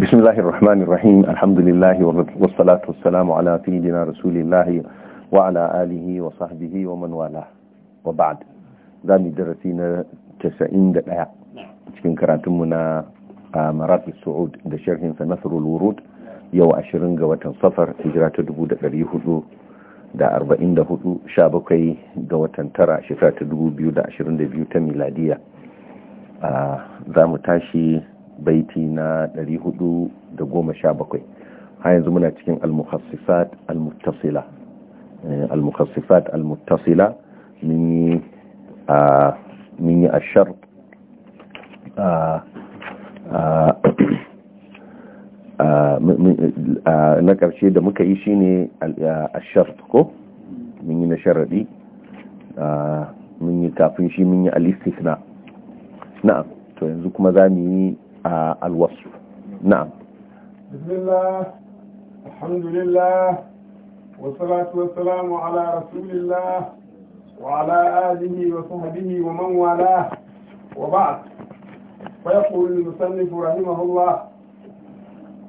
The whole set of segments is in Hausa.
بسم الله الرحمن الرحيم الحمد لله والصلاة والسلام على wa رسول الله وعلى آله وصحبه ومن والاه وبعد زامي درسينا تسعين دقاء cikin karatunmu na marat su'ud da sharhin sa wurud yau 20 ga watan safar hijira ta 1444 17 ga watan tara shekara ta 2022 ta miladiya za mu tashi baiti na 417 har yanzu muna cikin al-mukhassifat al-muttasila eh, al-mukhassifat al-muttasila min a ashar na ƙarshe da muka yi shine ashar ko mun yi na sharaɗi mun yi kafin shi mun yi na. na'am to yanzu kuma za mu yi آه، الوصف نعم بسم الله الحمد لله والصلاة والسلام على رسول الله وعلى آله وصحبه ومن والاه وبعد فيقول المصنف رحمه الله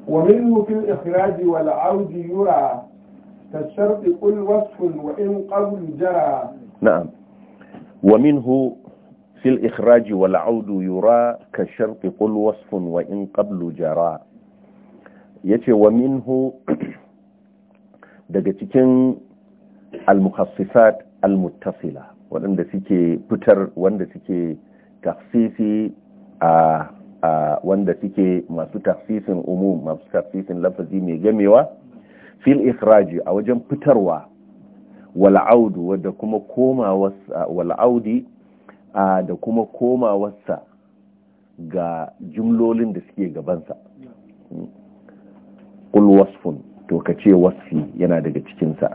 ومنه في الإخراج والعود يرى كالشرط قل وصف وإن قبل جرى نعم ومنه fil ikraji wal audu yura ka sharqi qul wasfun wa in qablu jara yace wa minhu daga cikin al-mukhassisat al waɗanda suke fitar wanda suke tafsisi a suke masu tafsisin umum masu tafsisin lafazi mai gamewa fil ikraji a wajen fitarwa wal'audu wadda kuma komawa wal'audi da kuma komawarsa ga jimlolin da suke gabansa kul to ka ce wasfi yana daga cikinsa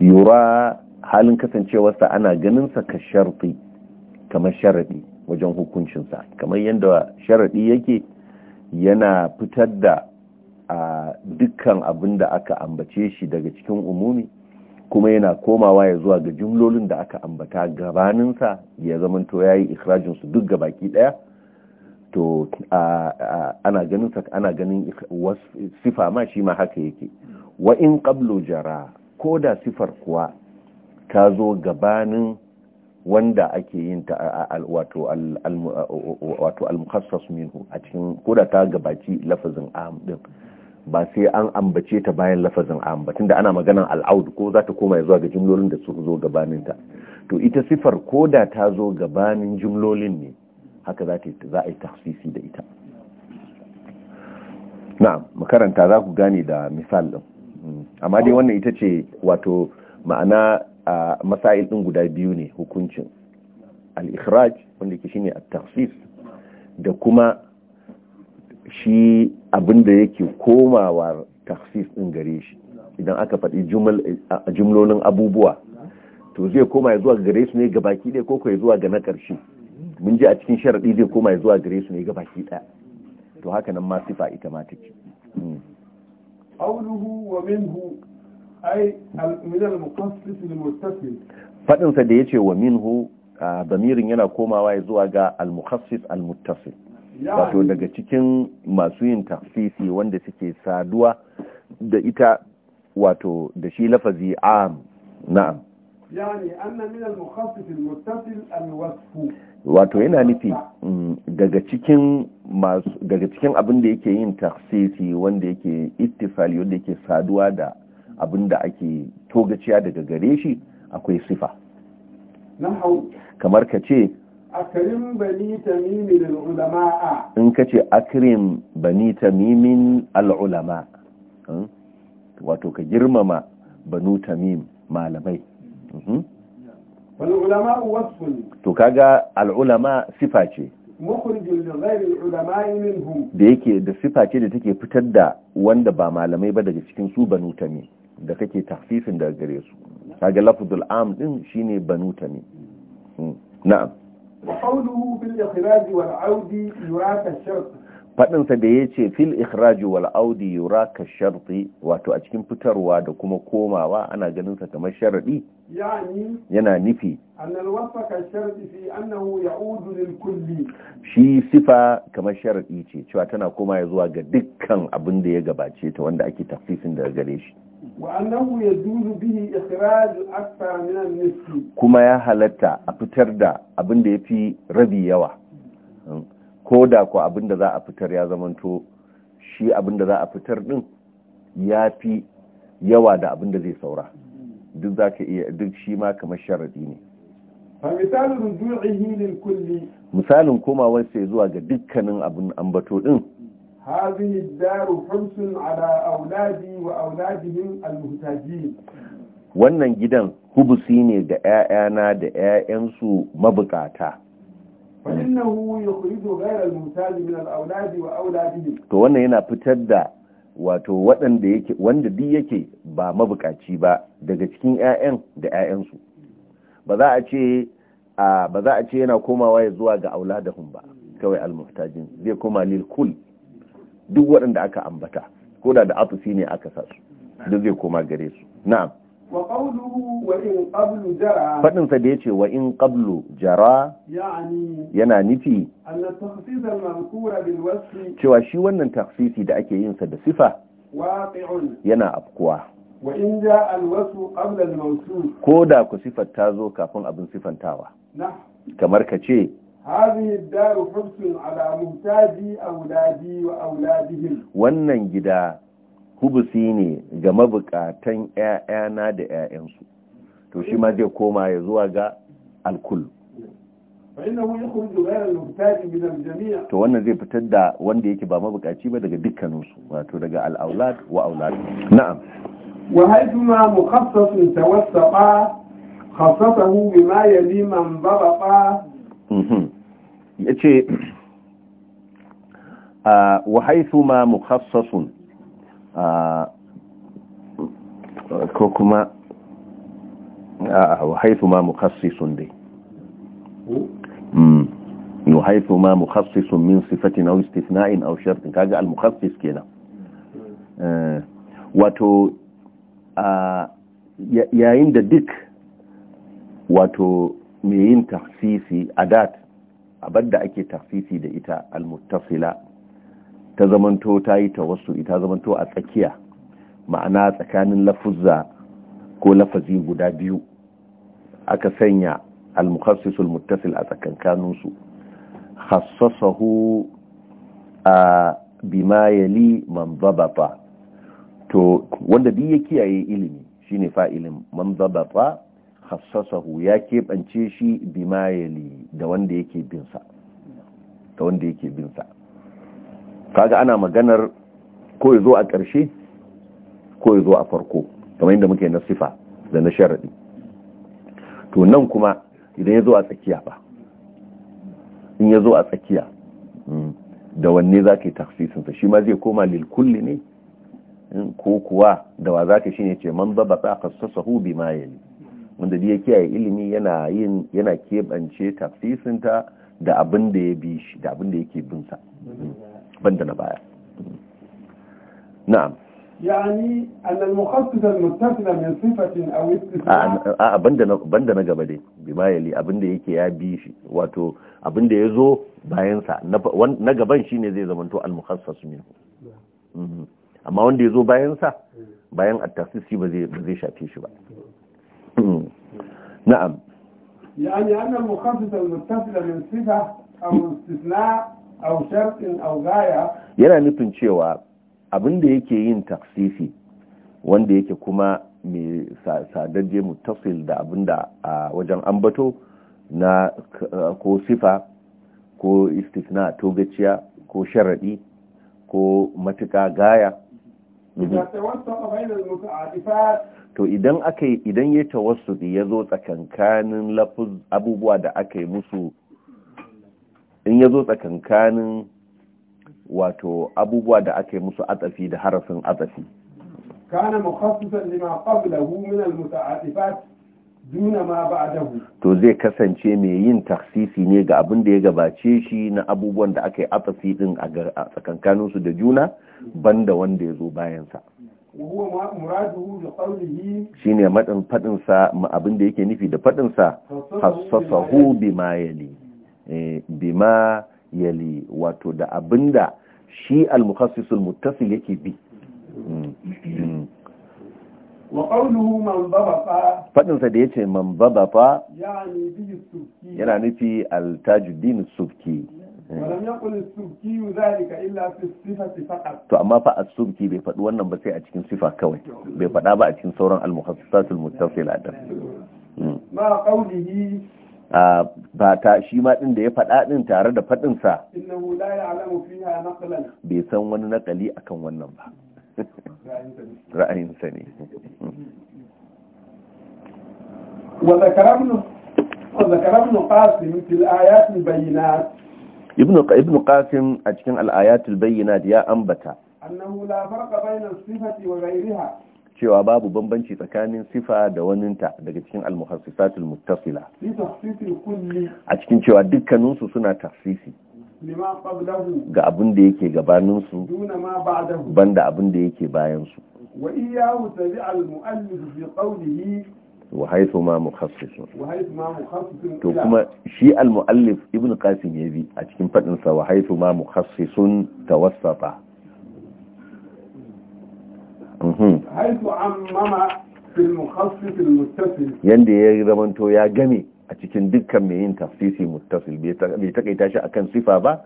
yura halin kasancewarsa ana ganinsa ka sharfi kamar sharaɗi wajen hukuncinsa kamar yadda sharaɗi yake yana fitar da dukkan abin da aka ambace shi daga cikin umumi kuma yana komawa ya zuwa ga jimlolin da aka ambata gabaninsa ya zamanto ya yi ikirajinsu duk ga baki ɗaya to ana ganin ana sifa ma shi ma haka yake wa in qablu jara ko da sifar kuwa ta zo gabanin wanda ake yin ta wato al-mukhassas minhu a cikin ko da ta gabaci lafazin am din ba sai an ambace ta bayan lafazin ambatin da da ana maganan al'aud ko za ta koma zuwa ga jimlolin da su zo gabanin ta to ita sifar ko da ta zo gabanin jimlolin ne haka za a yi tafsisi da ita na'am makaranta za ku gane da misal din amma dai wannan ita ce wato ma'ana a masail din guda biyu ne hukuncin al-ikhraj wanda ke shine at-tafsis da kuma shi abinda yake komawa taksis ɗin gare shi idan aka faɗi jumlolin abubuwa to zai koma ya zuwa gare su ne ga baki ɗaya ko ya zuwa ga na ƙarshe mun ji a cikin sharaɗi zai koma ya zuwa gare su ne ga baki ɗaya to haka nan ma sifa ita ma take hmm. qawluhu wa minhu ay min al-muqassis lil-muttasil fadin sa da yace wa minhu damirin yana komawa ya zuwa ga al-muqassis al-muttasil wato daga cikin masu yin tafsisi wanda suke saduwa da ita wato da shi lafazi am na'am yani anna min al-mukhassis al-muttasil al wato yana nufi mm, daga cikin masu daga cikin abin da yake yin tafsisi wanda yake ittifali wanda yake saduwa da abin da ake togaciya daga gare shi akwai sifa kamar ka ce akrim bani tamimin al'ulama'a in ka ce akrim bani tamimin al'ulama wato ka girmama banu tamim malamai wal'ulama wasfun to kaga al'ulama sifa ce da yake da sifa ce da take fitar da wanda ba malamai ba daga cikin su banu tamim da kake tafsifin daga gare su kaga lafzul am din shine banu tamim na'am faɗinsa da ya ce fil ikhraju wal audi yura ka sharti wato a cikin fitarwa da kuma komawa ana ganin sa kamar sharadi yana nufi shi sifa kamar sharadi ce cewa tana koma ya zuwa ga dukkan abin da ya gabace ta wanda ake tafsisin daga gare shi kuma ya halatta a fitar da abin da ya fi rabi yawa ko da ku abin da za a fitar ya zamanto shi abin da za a fitar din ya fi yawa da abin da zai saura duk za ka iya duk shi ma kamar sharaɗi ne misalin komawarsa zuwa ga dukkanin abin ambato din هذه الدار حرص على أولادي وأولادهم المحتاجين wannan gidan hubusi ne ga 'ya'yana da 'ya'yansu mabukata to wannan yana fitar da wato waɗanda yake wanda duk yake ba mabukaci ba daga cikin 'ya'yan da 'ya'yansu ba za a ce ba za a ce yana komawa ya zuwa ga auladahum ba kawai almuhtajin zai koma lil kul duk waɗanda aka ambata ko da da atufi ne aka sa su duk zai koma gare su na'am wa qawluhu wa in qablu jara fadin sa da yace wa in qablu jara yani yana nufi anna takhsis al-mazkura bil wasf cewa shi wannan takhsisi da ake yin sa da sifa waqi'un yana afkuwa wa in ja alwasu qabla al-mawsuf ko da ku sifar ta zo kafin abin sifantawa kamar ka ce هذه الدار حبس على محتاج أولادي وأولادهم wannan gida hubusi ne ga mabukatan ‘ya'yana da ‘ya'yansu to shi ma zai koma ya zuwa ga alkul to wannan zai fitar da wanda yake ba mabukaci ba daga dukkaninsu wato daga al'aulad wa aulad na'am wa haifuma mukhassasun tawassaqa khassasahu bima yali man babaqa mhm. ya ce ah, wa haithu ma mu kasa sun ah, ko kuma ah, wa haithu ma mu hmm. mukhassasun dai wa haithu ma mu sun min na wuce sifatin au istithna'in au shartin kaga al-mukhassas na eh, wato yayin da duk wato mai yin a dat. abar da ake tafsisi da ita almuttasila ta zamanto ta yi tawassu ita zamanto a tsakiya ma'ana tsakanin lafuzza ko lafazi guda biyu aka sanya almukhassisul muttasil a tsakankaninsu khassasahu a bima yali man to wanda bi ya kiyaye ilimi shine fa'ilin man khassasahu ya keɓance shi bima yali da wanda yake binsa da wanda yake binsa kaga ana maganar ko ya zo a ƙarshe ko ya zo a farko kamar yadda muke na sifa da na sharaɗi to nan kuma idan ya zo a tsakiya ba in ya zo a tsakiya hmm, da wanne za ka yi tafsisinsa shi ma zai koma lilkulli ne hmm, ko kuwa da wa za ka shi ne ce man zaba tsakassasahu bima yali wanda ya kiyaye ilimi yana yin yana keɓance tafsisinta da abin da ya bi shi da abin da yake bin sa banda na baya na'am yani annal mukhassis al muttasil min sifatin aw istisna a banda na banda na gaba dai bima yali abin da yake ya bi shi wato abin da yazo bayan sa na gaban shine zai to al mukhassas min mhm. amma wanda yazo bayan sa mm. bayan at-takhsis ba zai ba zai shafe shi ba mm. na'am يعني أن من صفة أو استثناء أو شرط أو غاية yana nufin cewa abin da yake yin taksisi wanda yake kuma mai sadajje mutasil da abin da a wajen ambato na ko sifa ko istisna togaciya ko sharaɗi ko matuƙa gaya to idan aka idan ya tawassuti ya zo tsakankanin lafuz abubuwa da aka yi musu in ya zo tsakankanin wato abubuwa da aka yi musu atsafi da harafin atsafi kana mukhassisan lima qablahu min al-muta'atifat to zai kasance mai yin taksisi ne ga abin da ya gabace shi na abubuwan da aka yi afasi din a tsakankaninsu da juna banda wanda ya zo bayansa shi ne maɗin faɗinsa abin da yake nufi da faɗinsa hassasahu bima yali eh, bima yali wato da abin da shi al-mukhassisul muttasil yake bi hmm. Hmm. faɗinsa da ya ce man babafa yana nufi altajuddin subki to amma fa as-subki bai faɗi wannan ba sai a cikin sifa kawai bai faɗa ba a cikin sauran al-mukhassasatul muttasila da hmm. ma qawlihi ba ta shi ma din da ya faɗa din tare da faɗinsa innahu la ya'lamu fiha naqlan bai san wani nakali akan wannan ba ra'ayinsa ne ibn qasim a cikin al'ayatul bayyinat ya ambata annahu la farqa bayna sifati wa ghayriha cewa babu bambanci tsakanin sifa da waninta daga cikin al-muhassisatul muttasila a cikin cewa dukkaninsu suna tafsisi ga abin da yake gabaninsu banda abin da yake bayansu wa haifu ma mukhassisun to kuma shi al-muallif ibn qasim yabi a cikin fadin sa wa haifu ma mu tawassata mhm. haithu ammama fil mukhassis al-muttasil yanda ya zamanto ya game a cikin dukkan mai yin tafsisi muttasil bai takaita shi akan sifa ba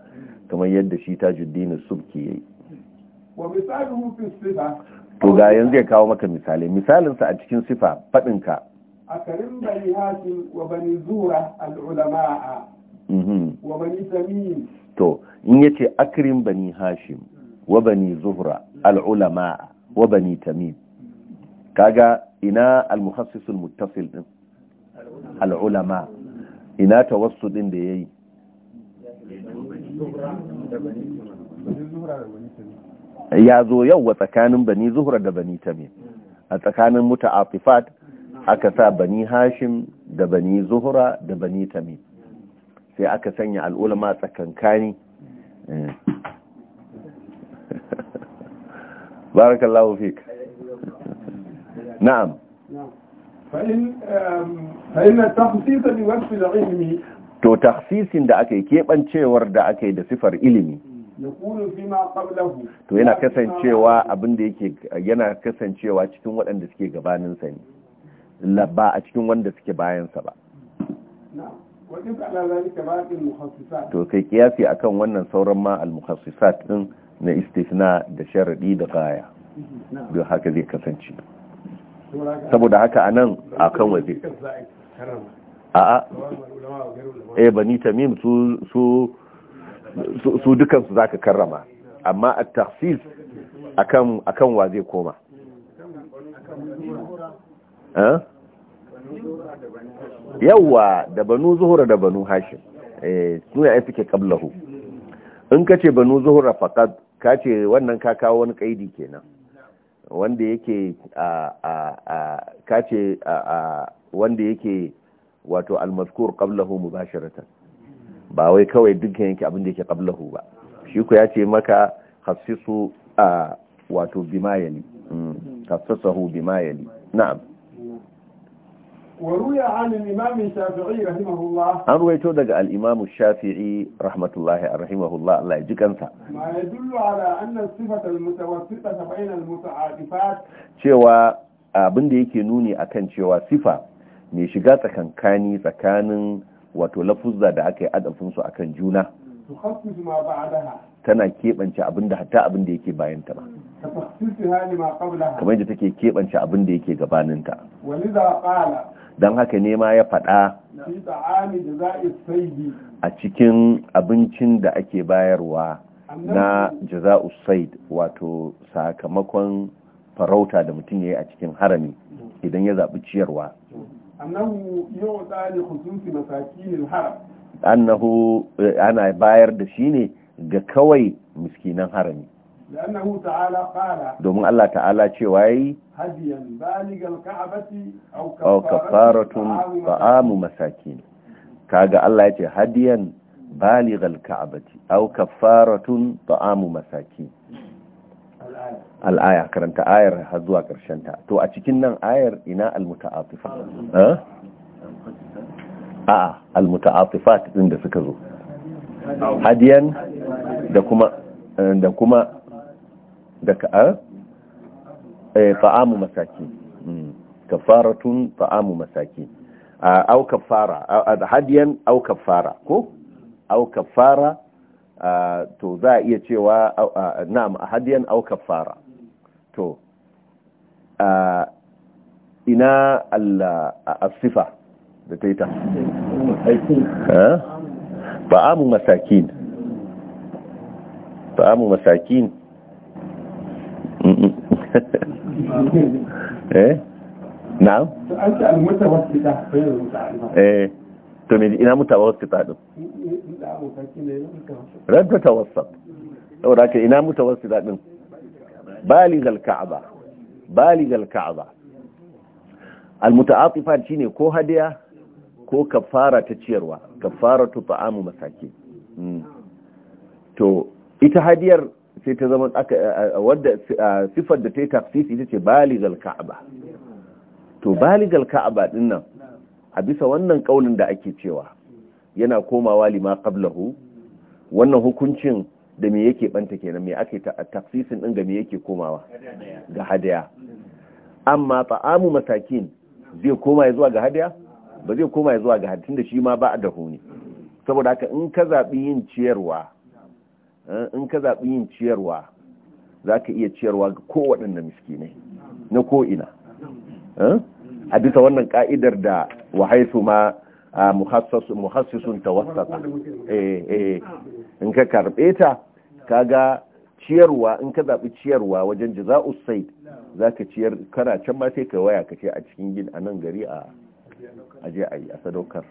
kamar yadda shi ta tajuddin subki yi to ga yanzu ya kawo maka misali misalinsa a cikin sifa faɗinka karin bani hashim wa bani zura al'ulama'a mhm. wa bani tamim to in yace akrim bani hashim wa bani zuhra al'ulama'a wa bani tamim kaga ina al-muhassisul muttasil din al'ulama ina ta wasu ɗin da ya yi ya zo yau wa tsakanin bani zuhra da bani tamim a tsakanin afifat aka sa bani hashim da bani zuhra da bani tamim sai aka sanya al'ulama tsakankani eh. barakallahu fik na'am to takhsisin da ake kebancewar da ake da sifar ilimi to yana kasancewa abin da yake yana kasancewa cikin waɗanda suke gabanin sa ne ba a cikin wanda suke bayansa ba to kai kiyasi akan wannan sauran ma al-mukhassisat din na istisna da sharadi da gaya mhm. don haka zai kasance saboda haka anan akan waje a'a eh bani tamim su su su dukansu ka karrama amma a takhsis akan kan wa zai koma eh? yawwa da banu zuhura da banu hashim suna eh, su ya suke kablahu in ce banu zuhura ka kace wannan ka kawo wani kaidi kenan wanda yake kace wanda yake wato almaskur qablahu mubasharatan ba wai kawai dukkan yake abin da yake qablahu ba shi ko ya ce maka khassisu wato bima yali hmm. khassasahu bima yali na'am an ruwaito daga al'imamu shafi'i, rahmatullahi a rahimahullah Allah ya ji kansa cewa abin da yake nuni akan cewa sifa mai shiga tsakankani tsakanin wato lafuzza da aka yi adafinsu a kan juna tana keɓance abin da hatta abin da yake bayanta ba kamar yadda take keɓance abin da yake gabaninta don haka ne ma ya faɗa a cikin abincin da ake bayarwa na jaza'u said wato sakamakon farauta da mutum ya yi a cikin harami idan ya zaɓi ciyarwa annahu eh, ana bayar da shi ne ga kawai miskinan harami domin Allah ta'ala ce wayi hadiyan kafaratun ba'amu masakin kaga Allah ya ce hadiyan baligal ka'abati aw kafaratun ba'amu masakin al'aya karanta ayar har zuwa ƙarshen ta to a cikin nan ayar ina al-muta'atifat a'a al-muta'atifat din da suka zo hadiyan da kuma da kuma da a fa’amu eh, eh, masaki hmm. kafaratun fa’amu masaki ah, au kafara hadiyan au kafara ko au kafara ah, to za a iya cewa a ah, hadiyan au kafara to ina a sifa da ta yi ta ta'amu masakin Fa'amu masakin eh na'am to an ce al-mutawassita eh to me ina mutawassita din radda tawassat saboda haka ina mutawassita din baligal ka'aba baligal ka'aba al-muta'atifat shine ko hadiya ko kafara ta ciyarwa kafaratu ta'amu masaki hmm. to ita hadiyar sai ta zama wadda sifar da ta yi tafsisi ita ce baligal ka'aba to baligal ka'aba din nan a bisa wannan kaulin da ake cewa yana komawa lima qablahu wannan hukuncin da me yake banta kenan me ake tafsisin din ga me yake komawa ga hadaya amma ta'amu masakin zai koma zuwa ga hadaya ba zai koma zuwa ga hadaya da shi ma ba a dahu ne saboda haka in ka zaɓi yin ciyarwa Eh, in ka zaɓi yin ciyarwa za ka iya ciyarwa ga kowaɗannan ne na ko'ina eh, a bisa wannan ƙa'idar da wahaisu ma muhassisun tawassata eh, in ka karɓe ta ga ciyarwa in ka zaɓi ciyarwa wajen jaza'u sai za ka ciyar kana can ma sai ka waya ka ce a cikin gin a nan gari a aje a sadaukar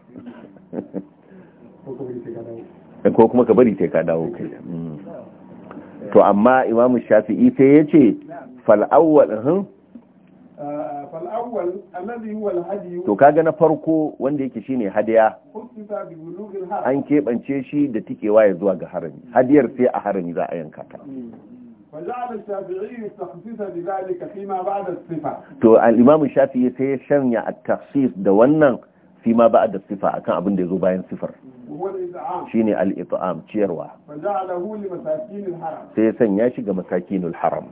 ko kuma ka bari sai ka dawo kai mm. to amma imam shafi'i sai ya ce fal'awwal hin uh, to kaga na farko wanda yake shine hadiya an keɓance shi da tikewa ya zuwa ga harami hadiyar sai a harami za a yanka ta mm. to al-imam shafi'i sai ya shanya at-takhsis da wannan fi ma ba'da sifa akan abin da yazo bayan sifar shine al-it'am ciyarwa sai ya sanya shi ga masakinul haram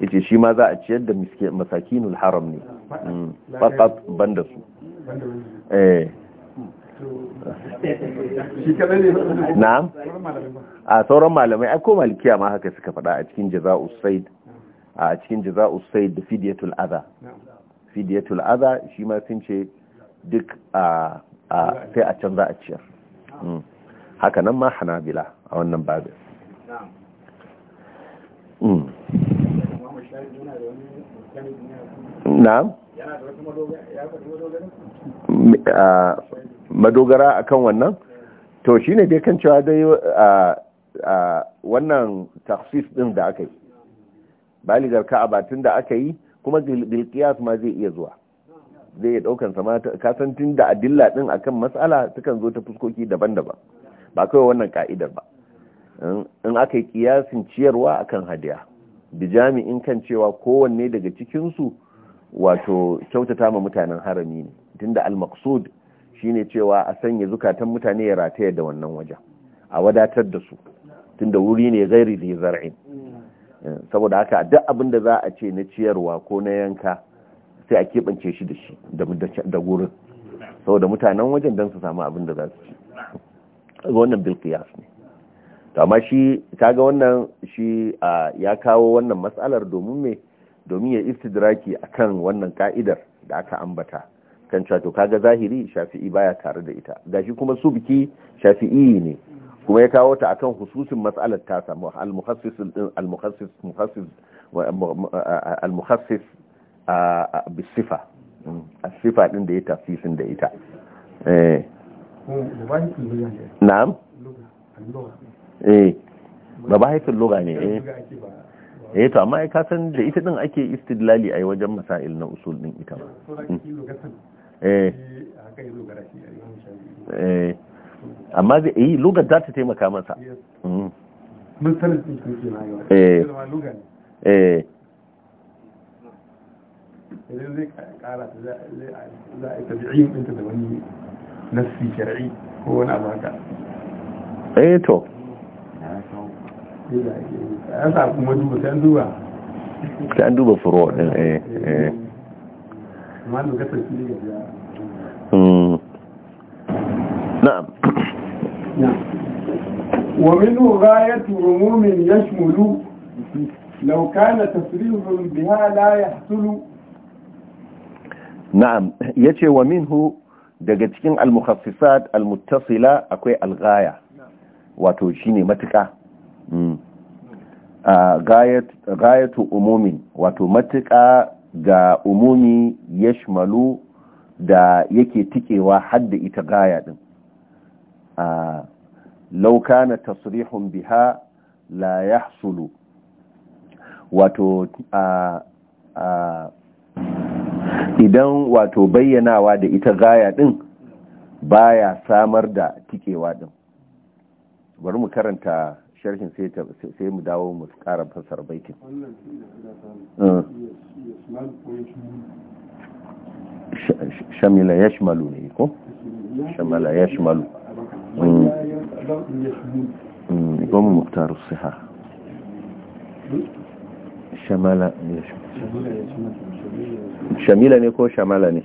yace shi ma za a ciyar da masakinul haram ne mm. faqat banda su eh na'am a sauran malamai ai ko malikiya ma haka suka faɗa a cikin jaza'us said a cikin jaza'us said da fidyatul adha fidyatul adha shi ma sun ce duk a sai a can za a ciyar Mm. haka nan ma hanabila a wannan babin na'am mm. madogara a kan wannan to shi ne dai kan cewa dai wannan taksif din da aka yi baligar ka'aba tun da aka yi kuma bilkiyas ma zai iya zuwa zai ya ɗaukan sama kasan tun da adilla din akan mas'ala sukan zo ta fuskoki daban-daban ba kawai wannan ka'idar ba in aka yi kiyasin ciyarwa akan hadiya bi jami'in kan cewa kowanne daga cikinsu wato kyautata ma mutanen harami ne tunda al-maqsud shine cewa a sanya zukatan mutane ya rataya da wannan wajen a wadatar da su tunda wuri ne gairi da zar'in mm. eh, saboda haka duk abin da za a ce na ciyarwa ko na yanka sai a keɓance shi da shi da gurin saboda mutanen wajen don su samu abin da za su ci wannan bilkiyas ne to amma shi kaga wannan shi ya kawo wannan matsalar domin me domin ya a kan wannan ka'idar da aka ambata kan cewa to kaga zahiri shafi'i baya tare da ita ga shi kuma su biki shafi'i ne kuma ya kawo ta akan hususin matsalar ta samu al muhassis a bisifa mm. a sifa din da ya tafsirin da ita eh na'am eh haifin loga ne eh. eh to amma ka san da ita din ake istidlali yi wajen masail na usul din ita ba mm. eh. eh amma zai yi eh, lugar za ta taimaka masa mm. mun sanin cikin ke na eh لذلك قالت لا لا تدعيم أنت تبني نفسي شرعي هو أنا ذاك اي تو أنت عارف ما دوب تندوا تندوا بفروع إيه،, إيه إيه ما له قصة كذي يا نعم. نعم ومنه غاية عموم يشمل لو كان تفريغ بها لا يحصل na'am yace wa minhu daga cikin al-mukhassisat al-muttasila akwai al-ghaya wato shine matuka mm. gayatu umumin wato matuka ga umumi yashmalu da yake tikewa hadda ita gaya din law kana tasrihun biha la yahsulu wato idan wato bayyanawa da ita gaya din baya samar da tikewa din bari mu karanta sharhin sai mu dawo mu kara fasar baitin eh. shamila ya shimalu ne ko? shamila ya shimalu mu hmm. hmm. muktaru siha hmm? shamila ya shimalu shamila ne ko shamala ne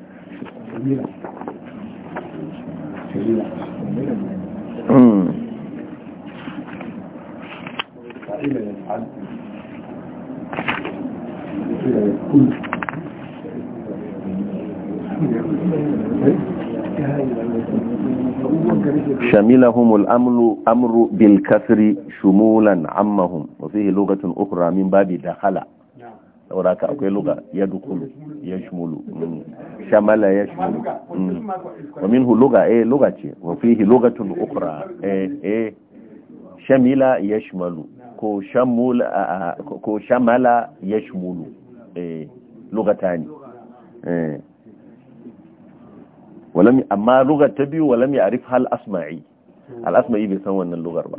شملهم الامر امر بالكسر شمولا عمهم وفيه لغه اخرى من باب دخل saboda ka akwai luga ya dukulu ya shumulu mm, shamala ya shumulu mm. wa hu luga eh luga ce wa fihi lugatun ukra eh eh shamila ya shumalu ko shamula ko shamala ya shumulu eh lugatani eh walam amma lugar ta biyu walam ya arif hal asma'i al asma'i bai san wannan lugar ba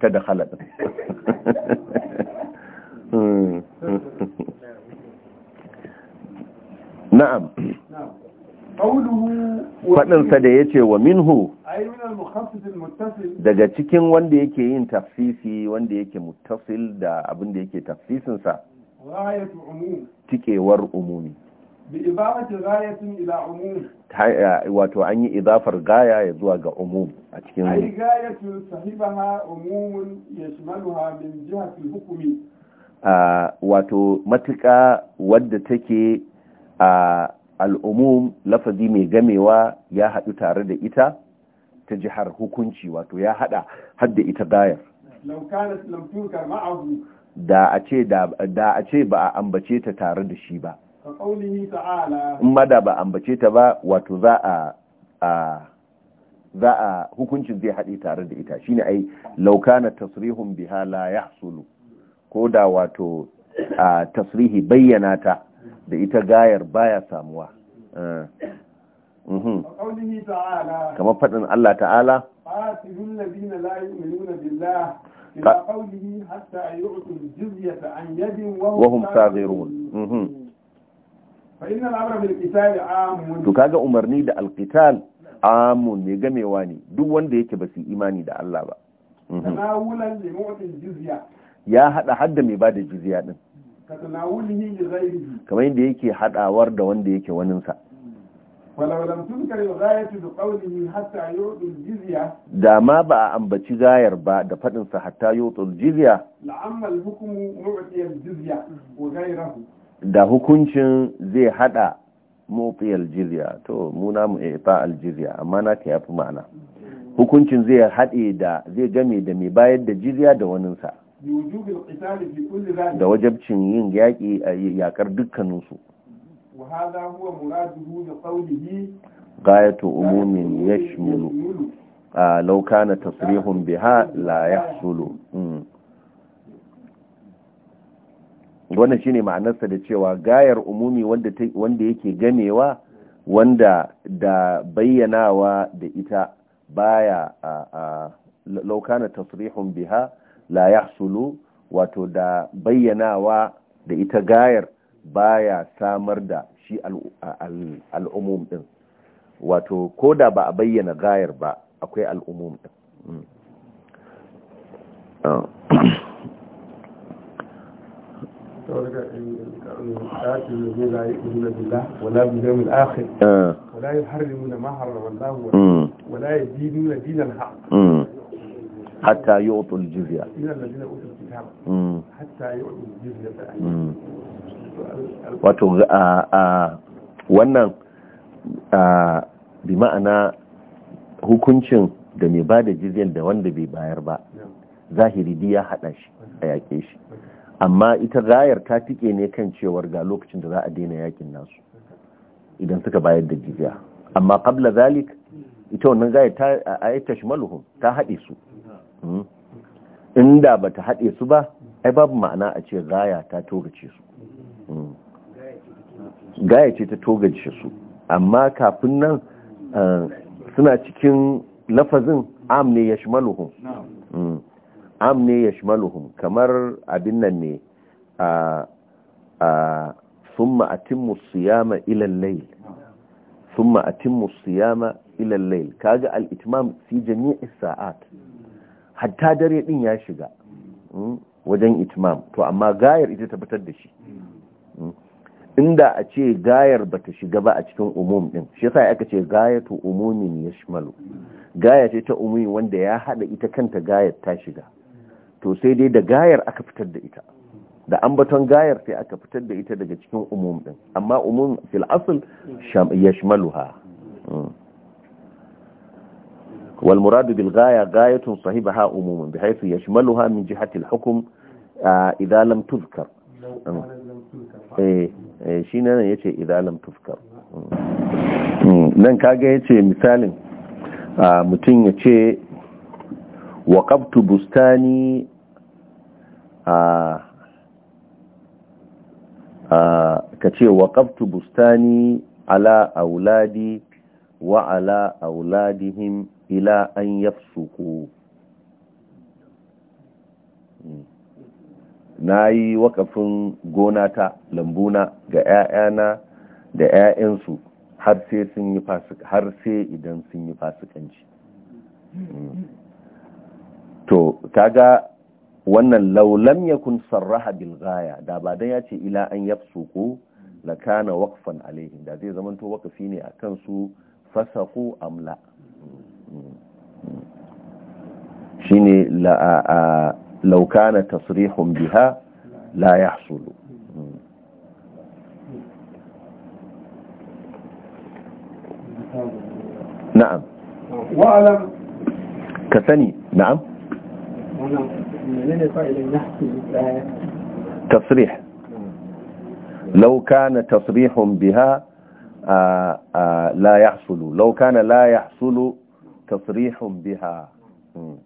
ta da halata na'am faɗinsa da ya ce wa minhu daga cikin wanda yake yin tafsisi wanda yake mutasil da abin da yake tafsisinsa cikewar umumi eh, wato an yi idafar gaya ya zuwa ga umum a cikin hukumi wato matuƙa wadda take a al'umum lafazi mai gamewa ya haɗu tare da ita ta jihar hukunci wato ya haɗa hadda ita bayar. da a ce ba a ambace ta tare da shi ba in ma da ba ambace ta ba wato za a za a hukuncin zai haɗe tare da ita shine ai laukana tasrihun biha la ya sulu. ko da wato a tasrihi bayyana ta da ita gayar baya samuwa eh. mhm. kamar faɗin Allah ta'ala wahum sagirun mhm. to kaga umarni da alkital amun ne gamewa ne duk wanda yake ba su imani da Allah ba mhm. ya hada hadda mai bada jizya din kamar yadda yake hadawar da wanda yake waninsa da ma ba a ambaci gayar ba da faɗinsa hatta yotul jizya da hukuncin zai hada mutsiyar jizya to muna mu ba eh, aljizya amma na ta yafi ma'ana hukuncin zai haɗe da zai game da mai bayar da jizya da waninsa da wajabcin yin yaƙi a yaƙar dukkaninsu gayatu umumin ya shimulu a lauka na tasirihun biha la ya sulu wannan ne ma'anarsa da cewa gayar umumi wanda yake ganewa wanda da bayyanawa da ita baya a lauka na tasirihun biha la ya sulu wato da bayyanawa da ita gayar baya samar da shi al'umum din wato ko da ba a bayyana gayar ba akwai al'umum din mm. ah. Ah. ولا يحرمون ما حرم الله mm. ولا يدينون دين الحق mm. hatta yi otul jizya wato wannan bi ma'ana hukuncin da mai ba da jiziyar da wanda bai bayar ba zahiri di ya haɗa shi a yaƙe shi amma ita rayar ta tike ne kan cewar ga lokacin da za a daina yakin nasu idan suka bayar da jiziya. amma qabla zalik ita wannan gaya ta ayyata shimaluhum ta haɗe su inda ba ta haɗe su ba ai babu ma'ana a ce gaya ta togace su mm. gaya ce ta togace su amma kafin nan eh, suna cikin lafazin am ne ya shimaluhun mm. am ne ya maluhun kamar abin nan ne a sun ma'atin musuyama ilallai sun ma'atin musuyama ilallai kaga al'itmam fi jami'in sa'at hatta dare din ya shiga hmm, wajen itimam to amma gayar ita tabbatar da shi hmm. inda a ce gayar ba ta shiga ba a cikin umum din shi sai aka ce gayatu umumin ya shimalu gaya ce ta umumi wanda ya hada ita kanta gayar ta shiga to sai dai da gayar aka fitar da ita da ambaton gayar sai aka fitar da ita daga cikin umum din amma umum fil asl ya ha. Hmm. والمراد بالغاية غاية صاحبها عموما بحيث يشملها من جهة الحكم إذا لم تذكر shi nan ya ce idalam nan kaga ya ce misalin mutum ya ce waƙabtu bustani ka ce ala auladi wa ala auladihim ila an yafsuku hmm. na yi wakafin gonata lambuna ga 'ya'yana da 'ya'yansu har sai sun yi har sai idan sun yi fasikanci hmm. to kaga wannan laulam yakun sarraha bil ghaya da ba dan ya ce ila an yafsuku la kana waqfan alaihim da zai zamanto wakafi ne akan su fasaku amla hmm. شيني لا لو كان تصريح بها لا يحصل نعم واعلم كثني نعم تصريح لو كان تصريح بها آآ آآ لا يحصل لو كان لا يحصل tasrihun biha hmm.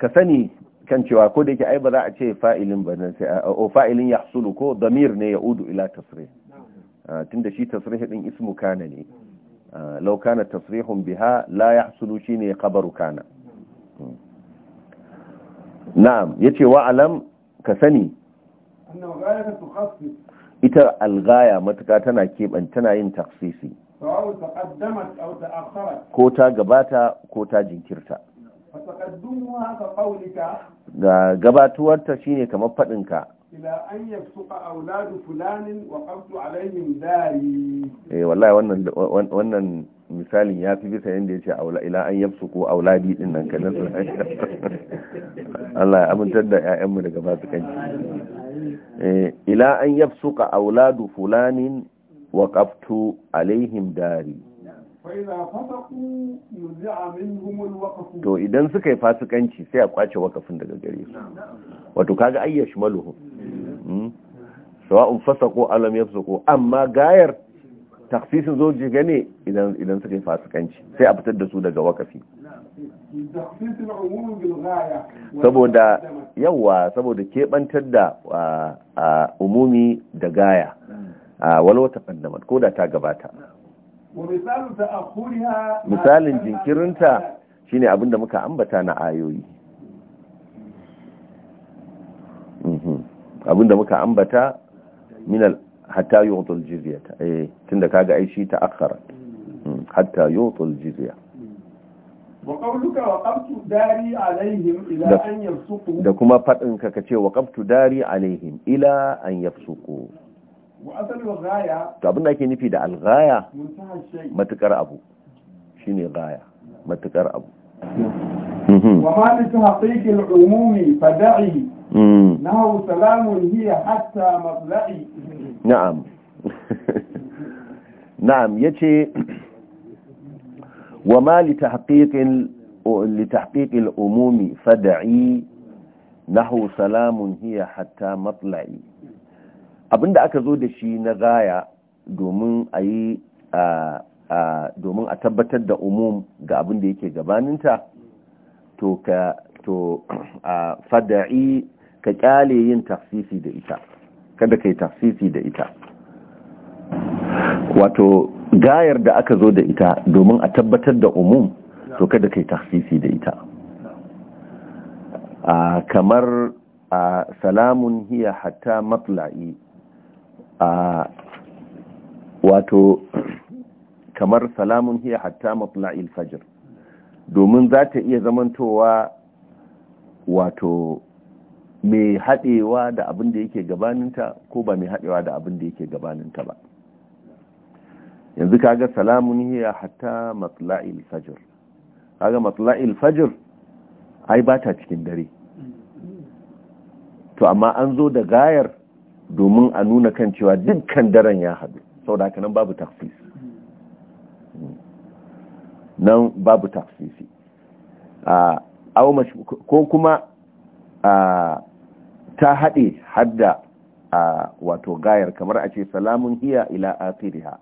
ka sani kan cewa ko da yake ai ba za a ce fa'ilin ba sai o fa'ilin yahsulu ko damir ne ya udu ila tasrih tunda shi tasrih din ismu kana ne law kana tasrihun biha la yahsulu shine khabaru kana hmm. na'am yace wa alam ka sani anna ghaayatu tukhassis ita algaya matuka tana keɓan tana yin taksisi ko ta gabata ko ta jinkirta ga gabatuwarta shine kamar faɗinka ila an yafsuqa auladu fulanin wa alaihim dari eh wallahi wannan wannan misalin ya fi bisa yadda ya ce ila an yabsu ko auladi din nan kanan Allah ya amintar da 'ya'yanmu daga basu kanci Eh, ila an yafsuka auladu fulanin wa qaftu alaihim dari to idan suka yi fasikanci sai a kwace wakafin daga gare su wato kaga ayyash maluhu hmm? sawa'un fasaqu alam yafsuqu amma gayar taksisin zo jiga ne idan suka yi fasikanci sai a fitar da su daga wakafi saboda yawa saboda kebantar da umumi da gaya a walwata kandamar ko da ta gabata misalin jinkirinta shine abinda muka ambata na ayoyi mhm. abinda muka ambata minal hatta yi wutul eh, mhm. jizya tun da kaga aishi ta akharar hatta yi wutul da kuma faɗin ka ka ce waƙabtu dari alaihim ila an yafsuku to abin da ake nufi da algaya matukar abu Shi ne gaya matukar abu hmm. wa ma li tahqiqi al-umumi fad'i hmm. nahu salamun hiya hatta mabla'i na'am na'am ya ce. wa لتحقيق لتحقيق الأموم فدعي نحو سلام هي حتى مطلعي abinda aka zo da shi na gaya domin a yi domin a tabbatar da umum ga abin da yake gabaninta to ka to fada'i ka kyale yin tafsisi da ita kada ka yi tafsisi da ita wato gayar da aka zo da ita domin a tabbatar da umum to kada kai tafsisi da ita a kamar a salamun hiya hatta matla'i a wato kamar salamun hiya hatta fajr domin za ta iya zamantowa wato mai haɗewa da abin da yake gabaninta ko ba mai haɗewa da abin da yake gabaninta ba yanzu kaga salamun hiya hatta matla'il fajr kaga matla'il fajr ai ba ta cikin dare to amma an zo da gayar domin a nuna kan cewa dukkan daren ya haɗu sau da nan babu tafsisi nan babu tafsisi ko kuma ta haɗe hadda wato gayar kamar a ce salamun hiya ila asiriha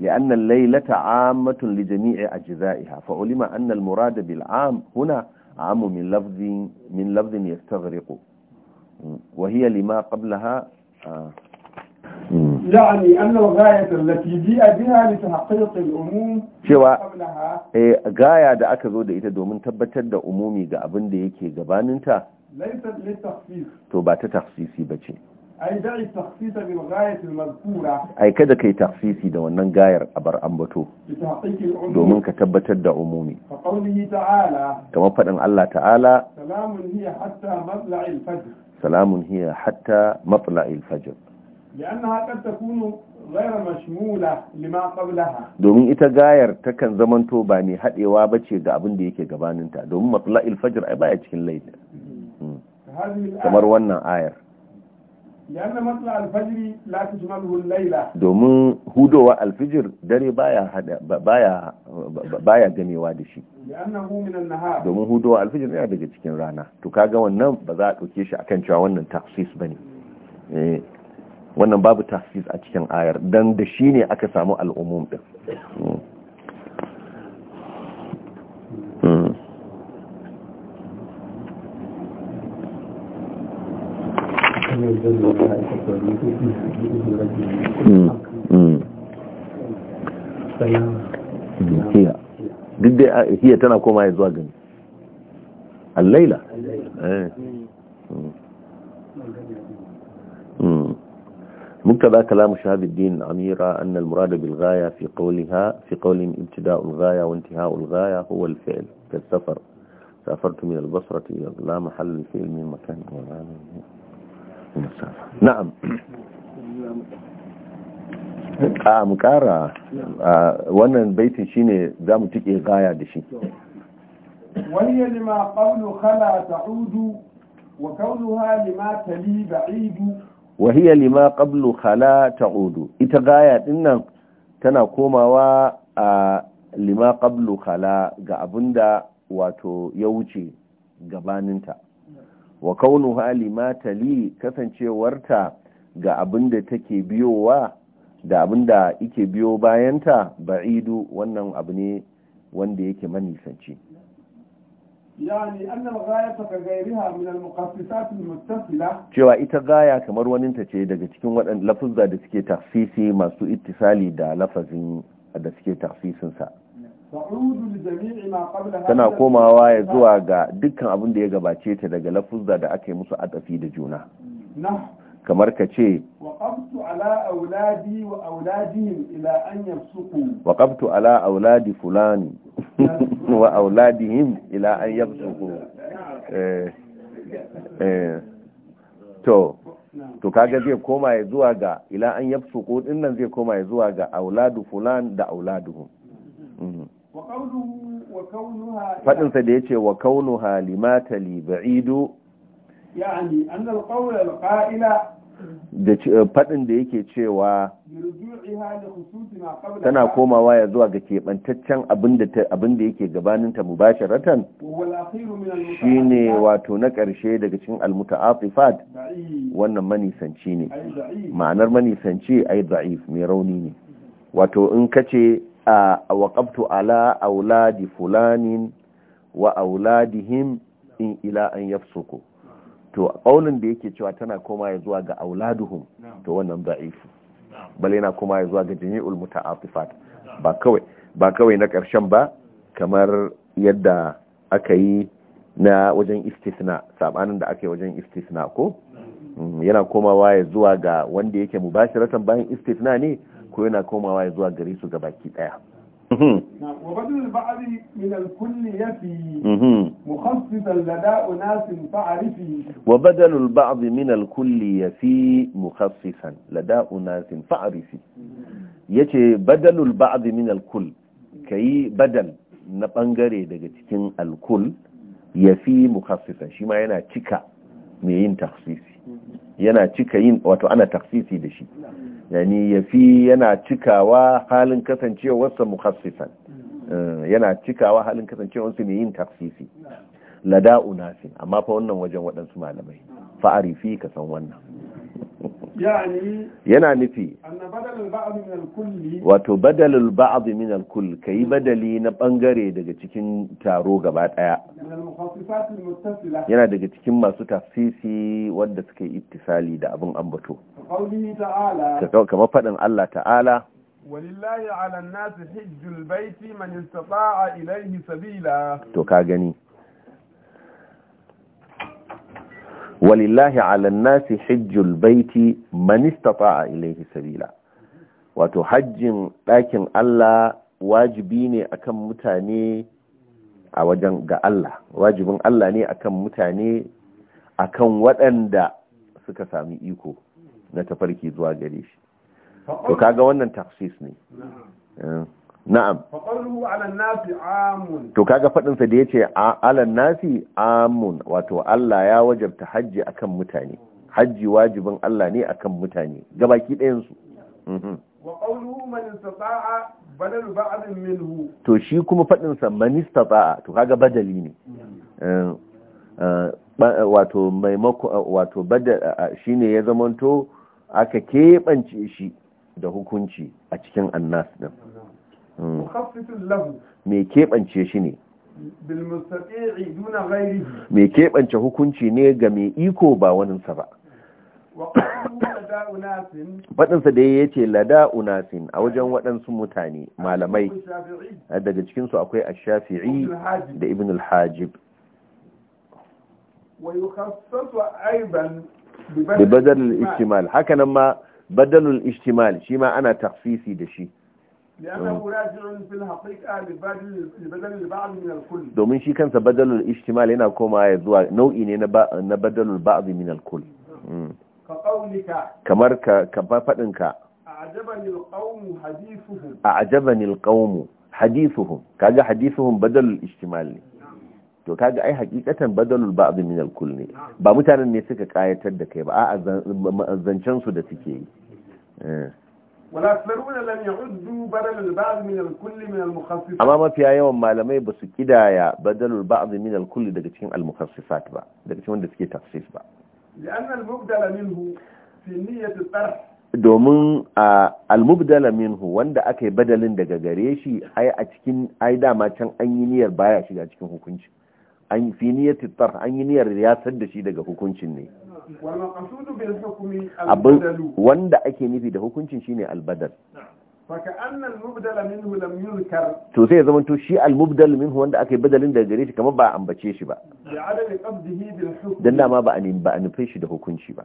ya annan laylata a matunli jami'a a jiraiya fa'olima annan muradabil a huna a amma min lafizin ya sutar riƙo. an nuna ya tallafi biyu a biya littattafai da ƙauye-ƙauye a gaya da aka zo da ita domin tabbatar da ummi ga abin da yake gabaninta to ba ta taxisi ba ce. ai kada kai taksisi da wannan gayar a bar ambato domin ka tabbatar da umumi kamar faɗin Allah ta'ala salamun hiya hatta matla'il fajr لأنها قد تكون غير mashmula لما قبلها domin ita gayar takan zamanto ba mai hadewa bace ga abin da yake gabaninta domin matla'il fajr ai baya cikin laifin kamar wannan ayar domin hudowa alfijir dare baya gamewa da shi domin hudowa alfijir yana daga cikin rana to kaga wannan ba za a ɗauke shi akan cewa wannan tafsis ba ne wannan babu tafsis a cikin ayar don da shi ne aka samu al'umum ɗin هي da hiya tana koma ya zuwa gani allaila مقتضى كلام شهاب الدين أميرة أن المراد بالغاية في قولها في قول ابتداء الغاية وانتهاء الغاية هو الفعل كالسفر سافرت من البصرة إلى لا محل الفعل من مكان ولا na'am a ah, mu kara ah, wannan baitin shine za mu tike gaya da shi waliya lima qawlu khala ta'udu wa qawluha lima tali ba'idu wa hiya lima qablu khala ta'udu ita gaya dinnan tana komawa a lima qablu kala ga abinda wato ya wuce gabaninta wa kaunu hali matali kasancewarta ga abin da take biyowa da abin da ike biyo bayanta ba'idu wannan abu ne wanda yake manisanci cewa ita gaya kamar waninta ce daga cikin waɗanda lafuzza da suke tafsisi masu ittisali da lafazin da suke tafsisin tana komawa ya zuwa ga dukkan abin da ya gabace ta daga lafuzza da aka yi musu atafi da juna kamar ka ce ala wa auladihim ala auladi fulani wa auladihim ila an yabsuku eh, eh. to to kaga zai koma ya zuwa ga ila an yabsuku din nan zai koma ya zuwa ga auladu fulan da auladuhum mhm. faɗinsa da ya ce wa kaunu halimata li da faɗin da yake cewa tana komawa ya zuwa ga keɓantaccen abin da yake gabaninta mubasharatan shi ne wato na ƙarshe daga cikin almuta'afifat wannan manisanci ne ma'anar manisanci ai da'if mai rauni ne wato in kace waƙabtu ala auladi fulanin wa auladihim in ila an yafsuku to ƙaunin da yake cewa tana koma ya zuwa ga auladuhum to wannan da'ifu bale yana koma ya zuwa ga jami'ul muta'atifat ba kawai ba kawai na ƙarshen ba kamar yadda aka yi na wajen istisna sabanin da aka yi wajen istisna ko yana komawa ya zuwa ga wanda yake mubashiratan bayan istisna ne ko yana komawa zuwa gare su gabaki daya وبدل mhm. البعض من الكلية مخصصا لدى أناس فعرفه وبدل البعض من الكلية مخصصا yace badalul ba'd min al kulli badal na bangare daga cikin alkul ya yafi mukhassisan shi ma yana cika mai yin takhsisi yana cika yin wato ana taksisi da shi yani fi yana cikawa halin kasancewarsa mukhassisan eh, yana cikawa halin kasancewarsa mai yin taksisi lada nasi amma fa wannan wajen waɗansu malamai fa'arifi ka san wannan yana nufi wato badalul ba'd min al-kull kai badali na bangare daga cikin taro gaba daya yana daga cikin masu tafsisi wanda suka yi ittisali da abin ambato kamar faɗin Allah ta'ala walillahi ala an-nasi baiti man istata'a ilayhi sabila to ka gani walillahi ala nasi hijjul baiti manistafa a ilaihi sabila wato hajjin ɗakin Allah wajibi ne akan mutane a wajen ga Allah wajibin Allah ne akan mutane akan waɗanda suka sami iko na tafarki zuwa gare shi to kaga wannan taksis ne na'am to kaga fadin sa da yace ala nasi amun wato Allah ya wajabta haji akan mutane haji wajibin Allah ne akan mutane gabaki ɗayan su mhm. to shi kuma fadin sa man istata'a to kaga badali ne eh, eh, wato maimako wato shine ya zamanto aka keɓance shi da hukunci a cikin annas din mai hmm. keɓance hukunci ne ga mai iko ba waninsa ba faɗinsa da ya ce lada unasin a wajen waɗansu mutane malamai daga cikinsu akwai ashafi'i da ibn al-hajib da badalul ishtimal hakanan ma badalul ishtimal shi ma ana tafsisi da shi لأنه راجع في الحقيقة لبدل البعض من الكل domin shi kansa badalul ijtimal yana koma ya zuwa nau'i ne na badalul ba'd min al-kull kamar ka ka fadin ka a'jabani al-qawm hadithuhum a'jabani al-qawm hadithuhum kaga badalul ijtimal ne to ga ai hakikatan badalul ba'd min al-kull ne ba mutanen ne suka kayatar da kai ba a'a zancen su da suke yi amma mafiya yawan malamai ba su kidaya badalul ba'd min al-kull daga cikin al-mukhassisat ba daga cikin wanda suke tafsis ba domin al-mubdala minhu wanda aka yi badalin daga gare shi ai a cikin ai dama can an yi niyyar baya shiga cikin hukunci an fi niyyar an yi niyyar ya da shi daga hukuncin ne abin wanda ake nufi da hukuncin shine albadal to sai ya zama to shi almubdal minhu wanda aka yi badalin daga gare shi kamar ba a ambace shi ba dan dama ba a nufe shi da hukunci ba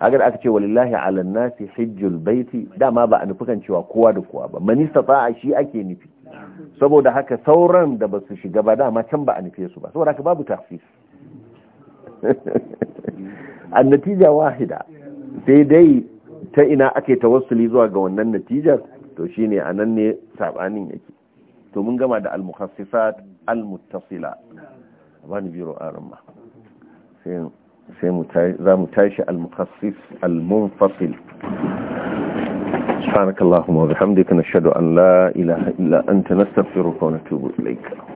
agar aka ce walillahi ala nasi hijjul baiti dama ba a nufi kan cewa kowa da kowa ba man istata'a shi ake nufi saboda haka sauran da ba su shiga ba dama can ba a nufe su ba saboda haka babu tafsir annatija wahida sai dai ta ina ake tawassuli zuwa ga wannan natijar to shine anan ne sabanin yake to mun gama da al-mukhassisat al-muttasila bani biro arma sai sai mu za mu tashi al-mukhassis al-munfasil سبحانك اللهم وبحمدك نشهد أن لا إله إلا أنت na ونتوب إليك